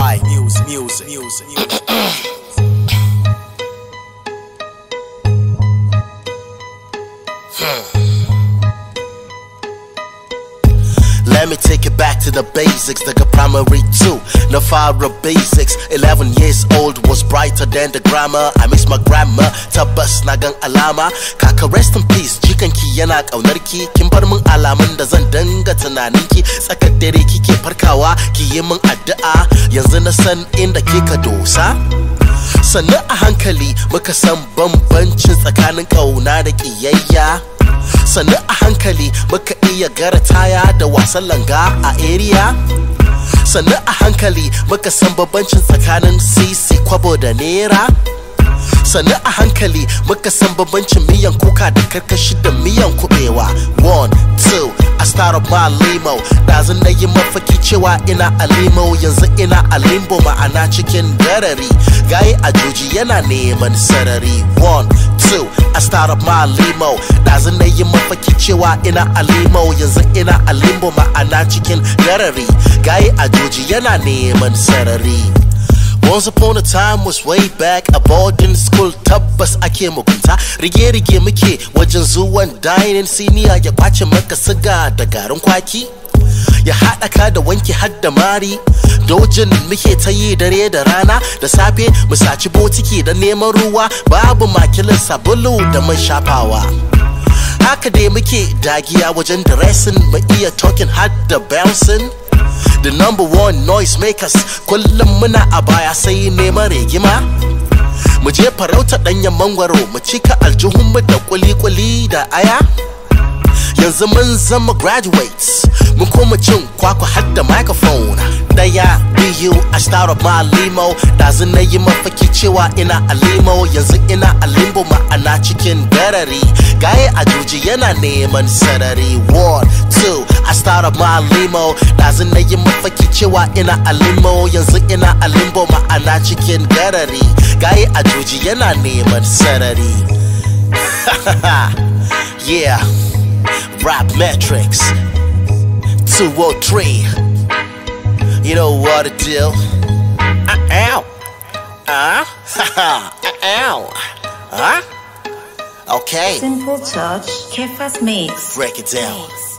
right. Music, music, music. music. Let me take it back to the basics, the primary two. Nafara basics, 11 years old, was brighter than the grammar. I miss my grammar, tabbas na alama. Kaka rest in peace, jikan ki yana ƙaunar ki, kin bar min tunanin ki tsakar dare kike farkawa ki yi min addu'a yanzu na san inda ka dosa sannan a hankali muka san bambancin tsakanin kauna da ƙiyayya sannan a hankali muka iya gara taya da wasan langa a area sannan a hankali muka san bambancin tsakanin sisi kwabo da nera sannan a hankali muka san bambancin miyan kuka da karkashi da miyan kubewa one 2 star ba limo ɗazun na yi mafaki cewa ina a limo yanzu ina a limbo ma'ana cikin darari, gaye a joji yana neman sarari one two a star ma limo ɗazun na yi mafaki cewa ina a limo yanzu ina a limbo ma'ana cikin darari, gaye a joji yana neman sarari Once upon a time was way back a boarding school tabbas ake mugunta rige-rige muke wajen zuwan dining siniya ya kwace maka siga da garin kwaki ya haɗaka da wanki hadda mari dojin muke ta yi dare da rana da safe mu saci botiki da neman ruwa babu makilin sabulu da man shafawa haka dai muke dagiya wajen dressing mu iya talking hadda da bouncing the number one noise makers kullum muna a baya sai neman rigima mu je farauta danyen mangwaro mu cika aljihunmu da kuli-kuli da aya yanzu mun zama graduates mun koma cin kwakwa har da microphone daya biyu a stara ma limo dazu na yi mafaki cewa ina a limo yanzu ina a limbo ana cikin garari gaye a juji yana neman sarari ward 2 a stara ma limo dazu na yi mafaki cewa ina a limo yanzu ina a limbo ma'ana cikin garari gaye a juji yana neman sarari yeah rap metrics 203 you know what to do. Uh, ow. Ah. Ha ha. ow. Huh? Okay. Simple touch. Kefas makes. Break it down. Makes.